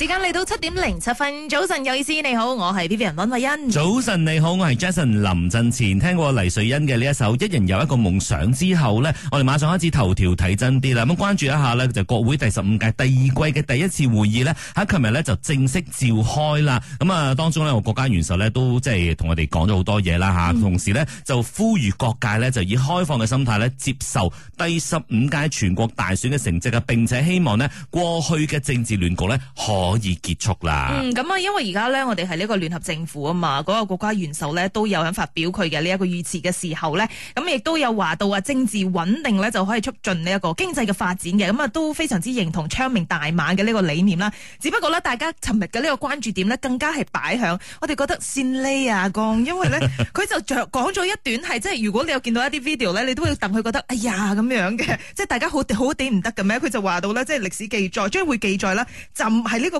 時間嚟到七點零七分，早晨有意思，你好，我係 B B 人溫慧欣。早晨你好，我係 Jason 林振前。聽過黎瑞恩嘅呢一首《一人有一個夢想》之後呢，我哋馬上開始頭條睇真啲啦。咁關注一下呢，就國會第十五屆第二季嘅第一次會議呢喺琴日呢就正式召開啦。咁啊，當中呢，我國家元首呢都即係同我哋講咗好多嘢啦吓，嗯、同時呢就呼籲各界呢就以開放嘅心態呢接受第十五屆全國大選嘅成績啊，並且希望呢過去嘅政治亂局呢。可以結束啦。嗯，咁啊，因為而家咧，我哋係呢個聯合政府啊嘛，嗰個國家元首咧都有喺發表佢嘅呢一個預詞嘅時候咧，咁亦都有話到啊，政治穩定咧就可以促進呢一個經濟嘅發展嘅，咁啊都非常之認同昌明大馬嘅呢個理念啦。只不過咧，大家尋日嘅呢個關注點咧，更加係擺向我哋覺得善呢啊江，因為咧佢就著講咗一段係，即係如果你有見到一啲 video 咧，你都會戥佢覺得哎呀咁樣嘅，即係大家好好地唔得咁樣。佢就話到咧，即係歷史記載將會記載啦，就係呢個。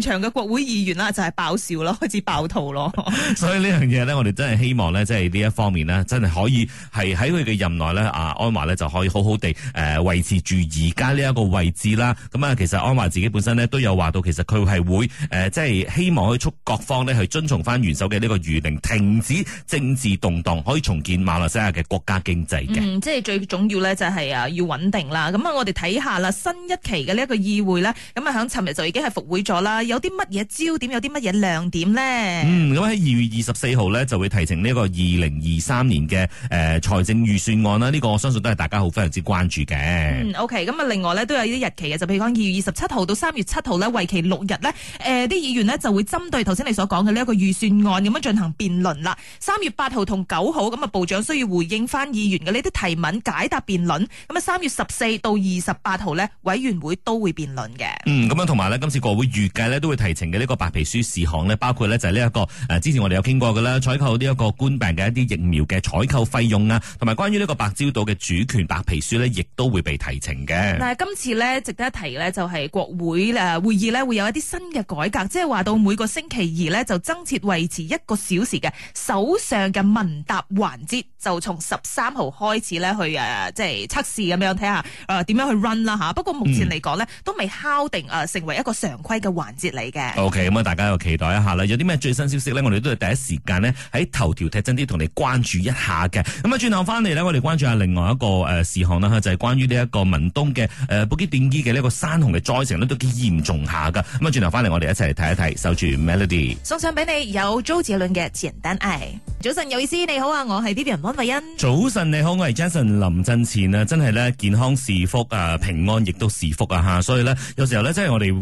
現場嘅國會議員啦，就係爆笑咯，開始爆肚咯。 所以呢樣嘢呢，我哋真係希望呢，即係呢一方面呢真係可以係喺佢嘅任內呢啊安華呢就可以好好地誒維持住而家呢一個位置啦。咁啊，其實安華自己本身呢都有話到，其實佢係會誒即係希望可以促各方呢去遵從翻元首嘅呢個諭令，停止政治動盪，可以重建馬來西亞嘅國家經濟嘅。嗯，即係最重要呢，就係啊要穩定啦。咁啊，我哋睇下啦，新一期嘅呢一個議會呢，咁啊響尋日就已經係復會咗啦。有啲乜嘢焦點，有啲乜嘢亮點呢？嗯，咁喺二月二十四號呢，就會提呈呢個二零二三年嘅誒、呃、財政預算案啦。呢、這個我相信都係大家好非常之關注嘅。嗯，OK，咁啊，另外呢，都有啲日期嘅，就譬如講二月二十七號到三月七號呢，為期六日呢，誒、呃，啲議員呢就會針對頭先你所講嘅呢一個預算案咁樣進行辯論啦。三月八號同九號，咁啊，部長需要回應翻議員嘅呢啲提問、解答辯論。咁啊，三月十四到二十八號呢，委員會都會辯論嘅。嗯，咁樣同埋呢，今次國會預計呢。都會提呈嘅呢個白皮書事項呢，包括呢就係呢一個誒，之前我哋有傾過嘅啦，採購呢一個冠病嘅一啲疫苗嘅採購費用啊，同埋關於呢個白礁島嘅主權白皮書呢，亦都會被提呈嘅。但係今次呢，值得一提呢，就係國會誒會議呢，會有一啲新嘅改革，即係話到每個星期二呢，就增設維持一個小時嘅首相嘅問答環節，就從十三號開始呢，去誒，即係測試咁樣睇下誒點樣去 run 啦吓。不過目前嚟講呢，嗯、都未敲定誒成為一個常規嘅環節。嚟嘅，OK，咁啊，大家又期待一下啦。有啲咩最新消息咧，我哋都係第一時間呢，喺頭條踢真啲，同你關注一下嘅。咁啊，轉頭翻嚟咧，我哋關注下另外一個誒事項啦，就係、是、關於呢一個文東嘅誒、呃，布基電機嘅呢個山洪嘅災情咧都幾嚴重下噶。咁啊，轉頭翻嚟，我哋一齊睇一睇，守住 Melody，送上俾你有周杰倫嘅簡單愛早晨，有意思，你好啊，我係呢邊安慧欣。早晨，你好，我係 Jason 林振前啊。真係咧，健康是福啊，平安亦都是福啊吓，所以呢，有時候呢，真係我哋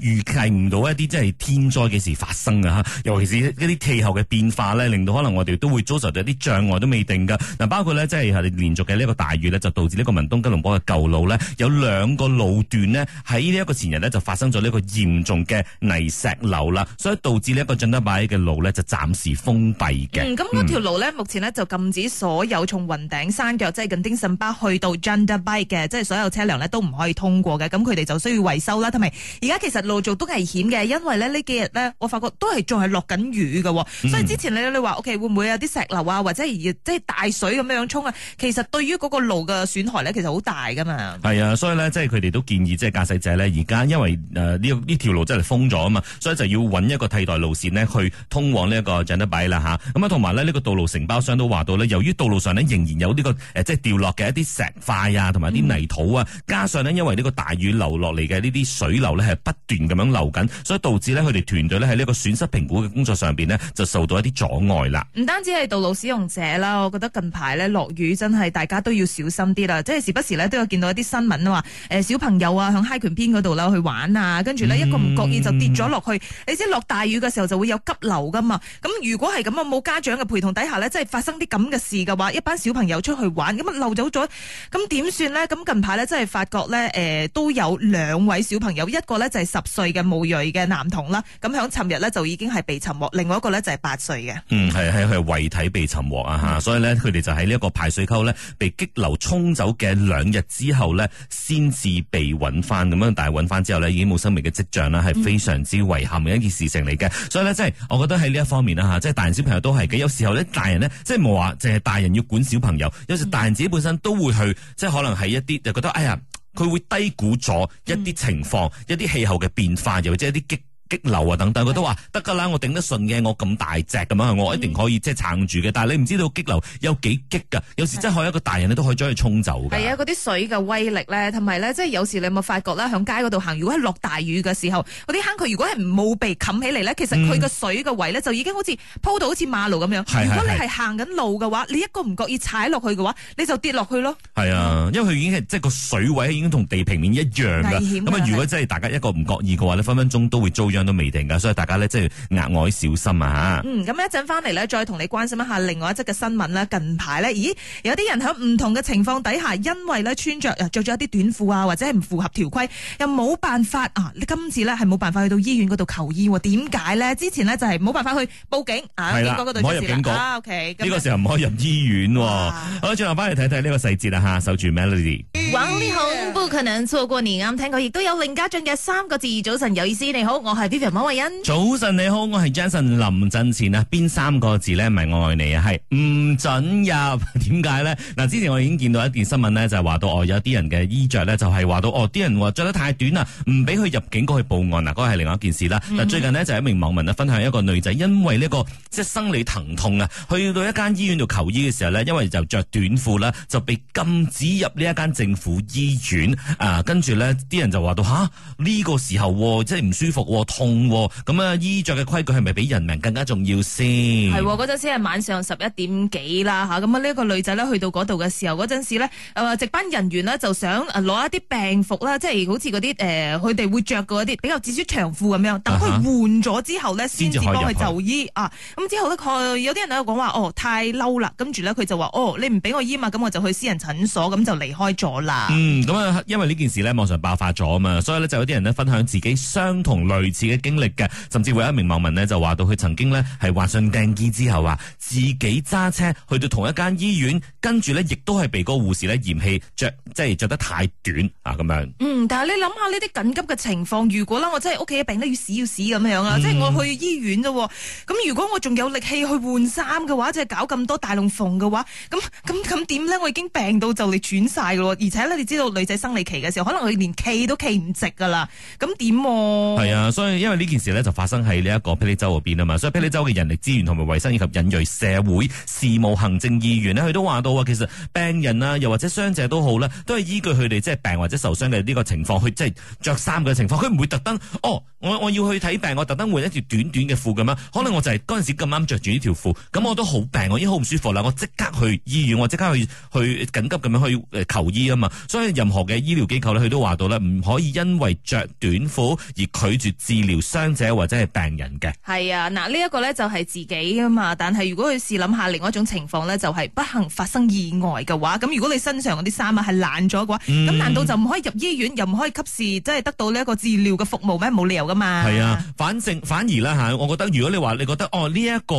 預計唔到一啲即係天災嘅事發生啊。吓，尤其是一啲氣候嘅變化呢，令到可能我哋都會遭受到一啲障礙都未定噶嗱，包括呢，即係連續嘅呢個大雨呢，就導致呢個文冬吉隆坡嘅舊路呢，有兩個路段呢，喺呢一個前日呢，就發生咗呢個嚴重嘅泥石流啦，所以導致呢一個進德拜嘅路呢，就暫時封閉嘅。嗯咁嗰條路咧，目前咧就禁止所有從雲頂山腳、嗯、即係近丁信巴去到 Janda Bike 嘅，即係所有車輛咧都唔可以通過嘅。咁佢哋就需要維修啦，同埋而家其實路做都危險嘅，因為咧呢幾日咧，我發覺都係仲係落緊雨嘅，所以之前你你話 O K 會唔會有啲石流啊，或者即係大水咁樣樣衝啊？其實對於嗰個路嘅損害咧，其實好大噶嘛。係啊，所以咧即係佢哋都建議即係駕駛者咧，而家因為誒呢呢條路真係封咗啊嘛，所以就要揾一個替代路綫呢，去通往呢一個 Janda Bike 啦吓。咁啊，同埋。呢個道路承包商都話到呢，由於道路上呢仍然有呢、呢個誒、呃、即係掉落嘅一啲石塊啊，同埋啲泥土啊，加上呢因為呢個大雨流落嚟嘅呢啲水流呢係不斷咁樣流緊，所以導致呢佢哋團隊呢喺呢個損失評估嘅工作上邊呢就受到一啲阻礙啦。唔單止係道路使用者啦，我覺得近排呢落雨真係大家都要小心啲啦，即係時不時呢都有見到一啲新聞話誒小朋友啊響嗨泉邊嗰度啦去玩啊，跟住呢一個唔覺意就跌咗落去。你知落大雨嘅時候就會有急流噶嘛，咁如果係咁啊冇家長陪同底下呢，即係發生啲咁嘅事嘅話，一班小朋友出去玩，咁啊漏走咗，咁點算呢？咁近排呢，真係發覺呢，誒、呃、都有兩位小朋友，一個呢就係十歲嘅巫裔嘅男童啦，咁響尋日呢，就已經係被尋獲，另外一個呢，就係八歲嘅。係，係係係遺體被尋獲啊，吓，所以呢，佢哋就喺呢一個排水溝呢，被激流沖走嘅兩日之後呢，先至被揾翻咁樣，但係揾翻之後呢，已經冇生命嘅跡象啦，係非常之遺憾嘅一件事情嚟嘅。所以呢，即係我覺得喺呢一方面呢，吓，即係大人小朋友都係幾有。嗯時候咧，大人咧，即係冇話淨係大人要管小朋友。有時大人自己本身都會去，即係可能係一啲就覺得，哎呀，佢會低估咗一啲情況，嗯、一啲氣候嘅變化，又或者一啲激。激流啊，等等，佢都話得噶啦，我頂得順嘅，我咁大隻咁樣，我一定可以即係撐住嘅。嗯、但係你唔知道激流有幾激噶，有時真係一個大人都係可以將佢沖走嘅。係啊，嗰啲水嘅威力咧，同埋咧，即係有時你有冇發覺咧，響街嗰度行，如果係落大雨嘅時候，嗰啲坑渠如果係冇被冚起嚟咧，其實佢個水嘅位咧就已經好似鋪到好似馬路咁樣。嗯、如果你係行緊路嘅話，你一個唔覺意踩落去嘅話，你就跌落去咯。係啊，因為佢已經係即係個水位已經同地平面一樣噶。危險。咁啊，如果真係大家一個唔覺意嘅話咧，分分鐘都會遭都未定噶，所以大家咧即係額外小心啊！吓，嗯，咁一陣翻嚟咧，再同你關心一下另外一則嘅新聞啦。近排咧，咦，有啲人喺唔同嘅情況底下，因為咧穿着又着咗一啲短褲啊，或者係唔符合條規，又冇辦法啊！你今次咧係冇辦法去到醫院嗰度求醫，點解咧？之前咧就係冇辦法去報警啊！警局嗰度出事啊！OK，呢樣個時候唔可以入醫院。哇好，轉頭翻嚟睇睇呢個細節啦，吓，守住 Melody。玩啲恐怖，過錯過年啱聽佢，亦都有林家駿嘅三個字。早晨有意思，你好，我係。馬慧欣，早晨你好，我係 Jason 林振前啊。邊三個字咧唔係愛你啊？係唔准入？點解咧？嗱，之前我已經見到一件新聞咧，就係話到哦，有啲人嘅衣着咧，就係話到哦，啲人話着得太短啦，唔俾佢入境過去報案嗱，嗰係另外一件事啦。嗱、嗯，最近呢，就有一名網民咧分享一個女仔，因為呢個即係生理疼痛啊，去到一間醫院度求醫嘅時候咧，因為就着短褲啦，就被禁止入呢一間政府醫院啊。跟住咧，啲人就話到吓呢個時候即係唔舒服啊。痛喎、哦，咁啊衣着嘅規矩係咪比人命更加重要先？係嗰陣先係晚上十一點幾啦吓，咁啊呢個女仔咧去到嗰度嘅時候，嗰陣時咧誒值班人員呢就想攞一啲病服啦，即係好似嗰啲誒佢哋會着嗰一啲比較紙質長褲咁樣，等佢換咗之後呢，先至幫佢就醫啊。咁之後呢，佢有啲人都講話哦太嬲啦，跟住呢，佢就話哦你唔俾我醫嘛，咁我就去私人診所，咁就離開咗啦。嗯，咁啊因為呢件事呢，網上爆發咗啊嘛，所以呢，就有啲人分享自己相同類似經歷嘅，甚至有一名網民呢，就話到，佢曾經呢，係患上病嬌之後啊，自己揸車去到同一間醫院，跟住呢，亦都係被嗰個護士呢嫌棄着，即係着得太短啊咁樣。嗯，但係你諗下呢啲緊急嘅情況，如果啦，我真係屋企病得要死要死咁樣啊，嗯、即係我去醫院啫，咁如果我仲有力氣去換衫嘅話，即、就、係、是、搞咁多大龍鳳嘅話，咁咁咁點咧？我已經病到就嚟喘晒噶咯，而且咧，你知道女仔生，生理期嘅時候，可能佢連企都企唔直噶啦，咁點？係啊，所以。因為呢件事呢，就發生喺呢一個霹靂州嗰邊啊嘛，所以霹靂州嘅人力資源同埋衛生以及印裔社會事務行政議員呢，佢都話到啊，其實病人啊，又或者傷者都好啦，都係依據佢哋即係病或者受傷嘅呢個情況去即係着衫嘅情況，佢唔會特登哦，我我要去睇病，我特登換一條短短嘅褲咁樣，可能我就係嗰陣時咁啱着住呢條褲，咁我都好病，我已經好唔舒服啦，我即刻去醫院，我即刻去去緊急咁樣去求醫啊嘛，所以任何嘅醫療機構呢，佢都話到呢：「唔可以因為着短褲而拒絕療傷者或者係病人嘅，係啊，嗱呢一個咧就係自己啊嘛。但係如果佢試諗下另外一種情況咧，就係不幸發生意外嘅話，咁如果你身上嗰啲衫啊係爛咗嘅話，咁、嗯、難道就唔可以入醫院，又唔可以及時即係得到呢一個治療嘅服務咩？冇理由噶嘛。係啊，反正反而啦吓，我覺得如果你話你覺得哦呢一個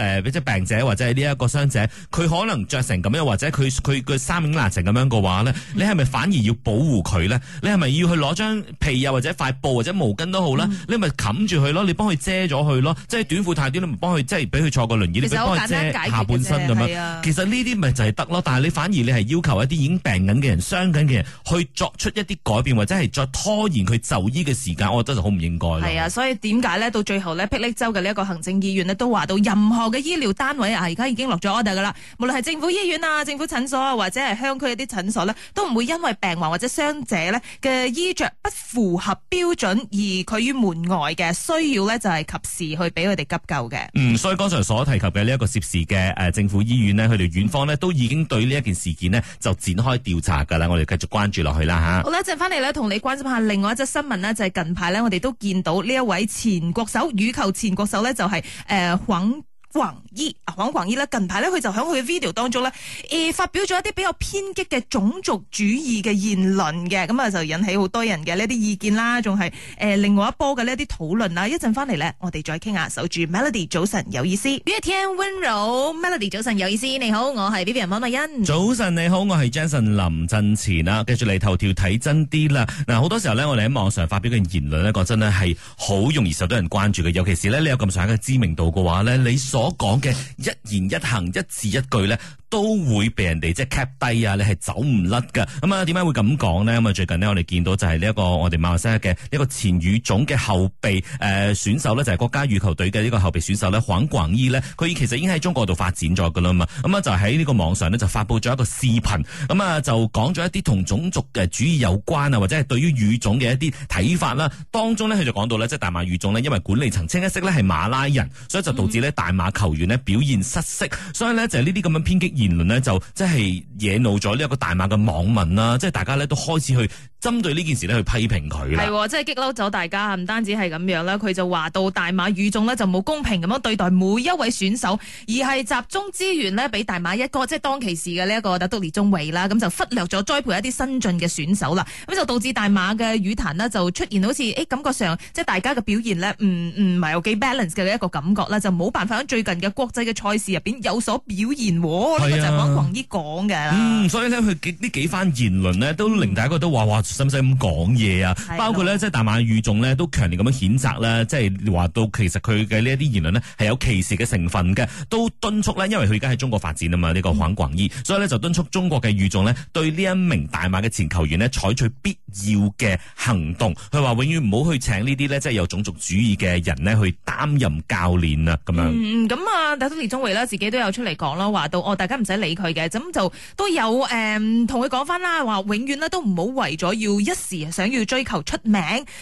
誒即係病者或者係呢一個傷者，佢可能着成咁樣，或者佢佢嘅衫影爛成咁樣嘅話咧，你係咪反而要保護佢咧？你係咪要去攞張被啊，或者塊布或者毛巾都好啦？嗯你咪冚住佢咯，你幫佢遮咗佢咯，即係短褲太短，你唔幫佢即係俾佢坐個輪椅，你俾佢遮下半身咁樣。其實呢啲咪就係得咯，但係你反而你係要求一啲已經病緊嘅人，的傷緊嘅人去作出一啲改變，或者係再拖延佢就醫嘅時間，我覺得就好唔應該。係啊，所以點解咧？到最後呢，霹靂州嘅呢一個行政議員呢，都話到，任何嘅醫療單位啊，而家已經落咗 order 噶啦。無論係政府醫院啊、政府診所啊，或者係鄉區嘅啲診所呢，都唔會因為病患或者傷者呢嘅衣着不符合標準而拒於門外嘅需要咧，就係及時去俾佢哋急救嘅。嗯，所以剛才所提及嘅呢一個涉事嘅、誒、呃、政府醫院呢，佢哋院方呢，都已經對呢一件事件呢就展開調查噶啦。我哋繼續關注落去啦吓。好啦，一陣翻嚟咧，同你關心下另外一則新聞呢。就係、是、近排呢，我哋都見到呢一位前國手羽球前國手呢，就是，就係誒黃。黃衣啊，黃黃衣啦。近排咧，佢就喺佢嘅 video 當中咧，誒、呃、發表咗一啲比較偏激嘅種族主義嘅言論嘅，咁啊就引起好多人嘅呢啲意見啦，仲係誒另外一波嘅呢啲討論啦。一陣翻嚟咧，我哋再傾下。守住 Melody，早晨有意思。V T N Window，Melody 早晨有意思。你好，我係 V V M 溫麗欣。早晨你好，我係 Jason 林振前啦，繼續嚟頭條睇真啲啦。嗱、嗯，好多時候咧，我哋喺網上發表嘅言論呢，講真係係好容易受到人關注嘅，尤其是呢，你有咁上下嘅知名度嘅話咧，你所講嘅一言一行、一字一句咧，都會被人哋即係 cap 低啊！你係走唔甩噶。咁啊，點解會咁講呢？咁啊，最近呢，我哋見到就係呢一個我哋馬來西亞嘅一個前羽總嘅後備誒、呃、選手呢，就係、是、國家羽球隊嘅呢個後備選手呢。黃冠伊呢，佢其實已經喺中國度發展咗噶啦嘛。咁啊，就喺呢個網上呢，就發布咗一個視頻，咁啊，就講咗一啲同種族嘅主義有關啊，或者係對於羽總嘅一啲睇法啦。當中呢，佢就講到呢，即係大馬羽總呢，因為管理層清一色呢係馬拉人，所以就導致呢大馬、嗯。球員呢表現失色，所以呢，就係呢啲咁樣偏激言論呢，就即係惹怒咗呢一個大馬嘅網民啦。即係大家呢，都開始去針對呢件事呢，去批評佢啦。係，即係激嬲咗大家，唔單止係咁樣啦，佢就話到大馬羽眾呢，就冇公平咁樣對待每一位選手，而係集中資源呢，俾大馬一個即係、就是、當其時嘅呢一個拿督李宗偉啦，咁就忽略咗栽培一啲新進嘅選手啦。咁就導致大馬嘅羽壇呢，就出現好似誒、哎、感覺上即係大家嘅表現呢，唔唔係有幾 balance 嘅一個感覺啦，就冇辦法最。最近嘅國際嘅賽事入邊有所表現，呢個就係黃冠依講嘅。嗯，所以咧佢呢幾番言論咧，都令大家都話話使唔使咁講嘢啊？包括咧即係大馬羽總咧都強烈咁樣譴責啦。即係話到其實佢嘅呢一啲言論呢，係有歧視嘅成分嘅，都敦促咧，因為佢而家喺中國發展啊嘛，呢個黃冠依，所以咧就敦促中國嘅羽總呢，對呢一名大馬嘅前球員呢，採取必要嘅行動，佢話永遠唔好去請呢啲呢，即、就、係、是、有種族主義嘅人呢去擔任教練啊咁樣。嗯咁啊，拿督李宗偉呢，自己都有出嚟講啦，話到哦，大家唔使理佢嘅。咁就，就都有誒同佢講翻啦，話、嗯、永遠呢，都唔好為咗要一時想要追求出名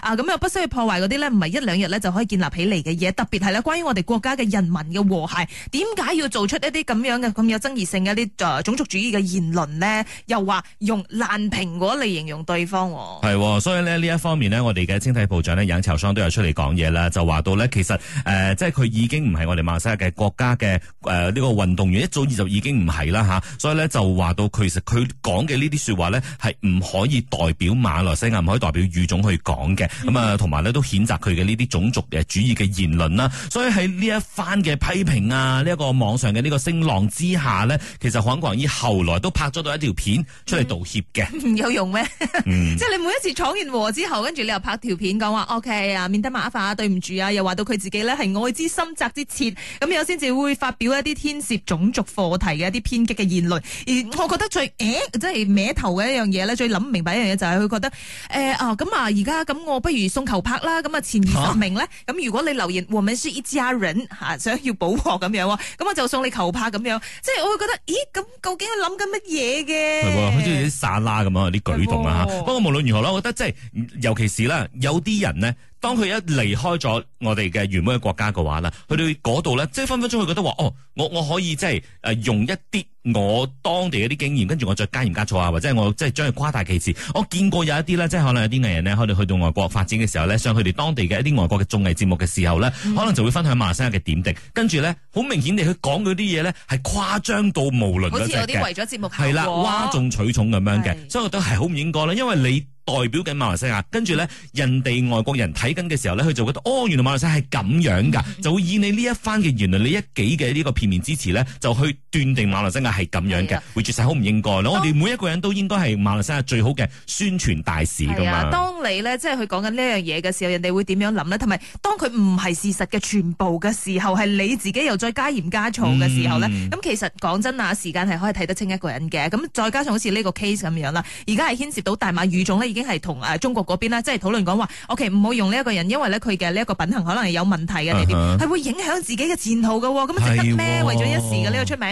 啊，咁、啊、又、啊、不需去破壞嗰啲呢，唔係一兩日呢就可以建立起嚟嘅嘢。特別係呢，關於我哋國家嘅人民嘅和諧，點解要做出一啲咁樣嘅咁有爭議性嘅一啲誒、呃、種族主義嘅言論呢？又話用爛蘋果嚟形容對方。係、哦哦，所以呢呢一方面呢，我哋嘅青體部長呢，引酬商都有出嚟講嘢啦，就話到呢，其實誒、呃，即係佢已經唔係我哋馬來西亞嘅國家嘅誒呢個運動員，一早已就已經唔係啦吓，所以呢，就話到佢其實佢講嘅呢啲說話呢，係唔可以代表馬來西亞，唔可以代表語種去講嘅，咁啊、嗯，同埋呢，都譴責佢嘅呢啲種族嘅主義嘅言論啦。所以喺呢一番嘅批評啊，呢、這、一個網上嘅呢個聲浪之下呢，其實韓國人以後來都拍咗到一條片出嚟道歉嘅，嗯、唔有用咩？ 嗯即係你每一次闖完禍之後，跟住你又拍條片講話，OK 啊，免得麻煩啊，對唔住啊，又話到佢自己咧係愛之深責之切，咁有先至會發表一啲牽涉種族課題嘅一啲偏激嘅言論。而我覺得最、欸、即係歪頭嘅一樣嘢呢，最諗唔明白一樣嘢就係佢覺得誒咁、欸、啊而家咁，我不如送球拍啦，咁啊前二十名呢，咁蛤如果你留言黃敏書 Ez a r n 想要補和咁樣，咁我就送你球拍咁樣。即係我會覺得，咦，咁究竟佢諗緊乜嘢嘅？係喎，好似啲耍啦咁樣啲舉動啊，不過吧無論如何啦，我覺得即係，尤其是啦，有啲人咧。當佢一離開咗我哋嘅原本嘅國家嘅話啦，去到嗰度咧，即係分分鐘佢覺得話，哦，我我可以即係、呃、用一啲我當地嘅啲經驗，跟住我再加鹽加醋啊，或者我即係將佢誇大其詞。我見過有一啲咧，即係可能有啲藝人咧，可能去到外國發展嘅時候咧，上佢哋當地嘅一啲外國嘅綜藝節目嘅時候咧，嗯、可能就會分享馬來西亞嘅點滴，跟住咧好明顯地去講嗰啲嘢咧，係誇張到無倫嗰隻嘅。係啦，嘩眾取寵咁樣嘅，是所以我覺得係好唔應該啦，因為你。代表緊馬來西亞，跟住咧，人哋外國人睇緊嘅時候咧，佢就覺得，哦，原來馬來西亞係咁樣噶，嗯、就會以你呢一番嘅原來你一己嘅呢個片面之詞咧，就去斷定馬來西亞係咁樣嘅，會的絕對好唔應該咯。當我哋每一個人都應該係馬來西亞最好嘅宣傳大使㗎嘛。當你咧，即係佢講緊呢樣嘢嘅時候，人哋會點樣諗呢？同埋當佢唔係事實嘅全部嘅時候，係你自己又再加鹽加醋嘅時候呢。咁、嗯嗯嗯、其實講真啊，時間係可以睇得清一個人嘅。咁再加上好似呢個 case 咁樣啦，而家係牽涉到大馬語種咧。已經係同誒中國嗰邊即係討論講話，OK 唔好用呢一個人，因為佢嘅呢一個品行可能係有問題嘅，係、uh huh. 會影響自己嘅前途噶，咁值得咩？為咗一時嘅呢、哦、個出名，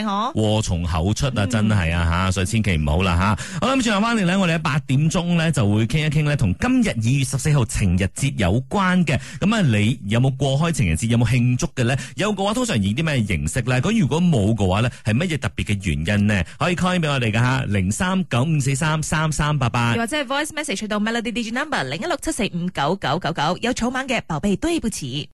禍從、哦、口出啊，嗯、真係啊吓，所以千祈唔好啦吓。好啦，轉頭翻嚟我哋喺八點鐘呢就會傾一傾呢同今日二月十四號情人節有關嘅。咁啊，你有冇過開情人節？有冇慶祝嘅呢？有嘅話，通常以啲咩形式呢？咁如果冇嘅話呢，係乜嘢特別嘅原因呢？可以 call 俾我哋噶吓，零三九五四三三三八八，或者係 voice message。嚟出到 Melody Digital Number 零一六七四五九九九九，有草蜢嘅寶貝對不起。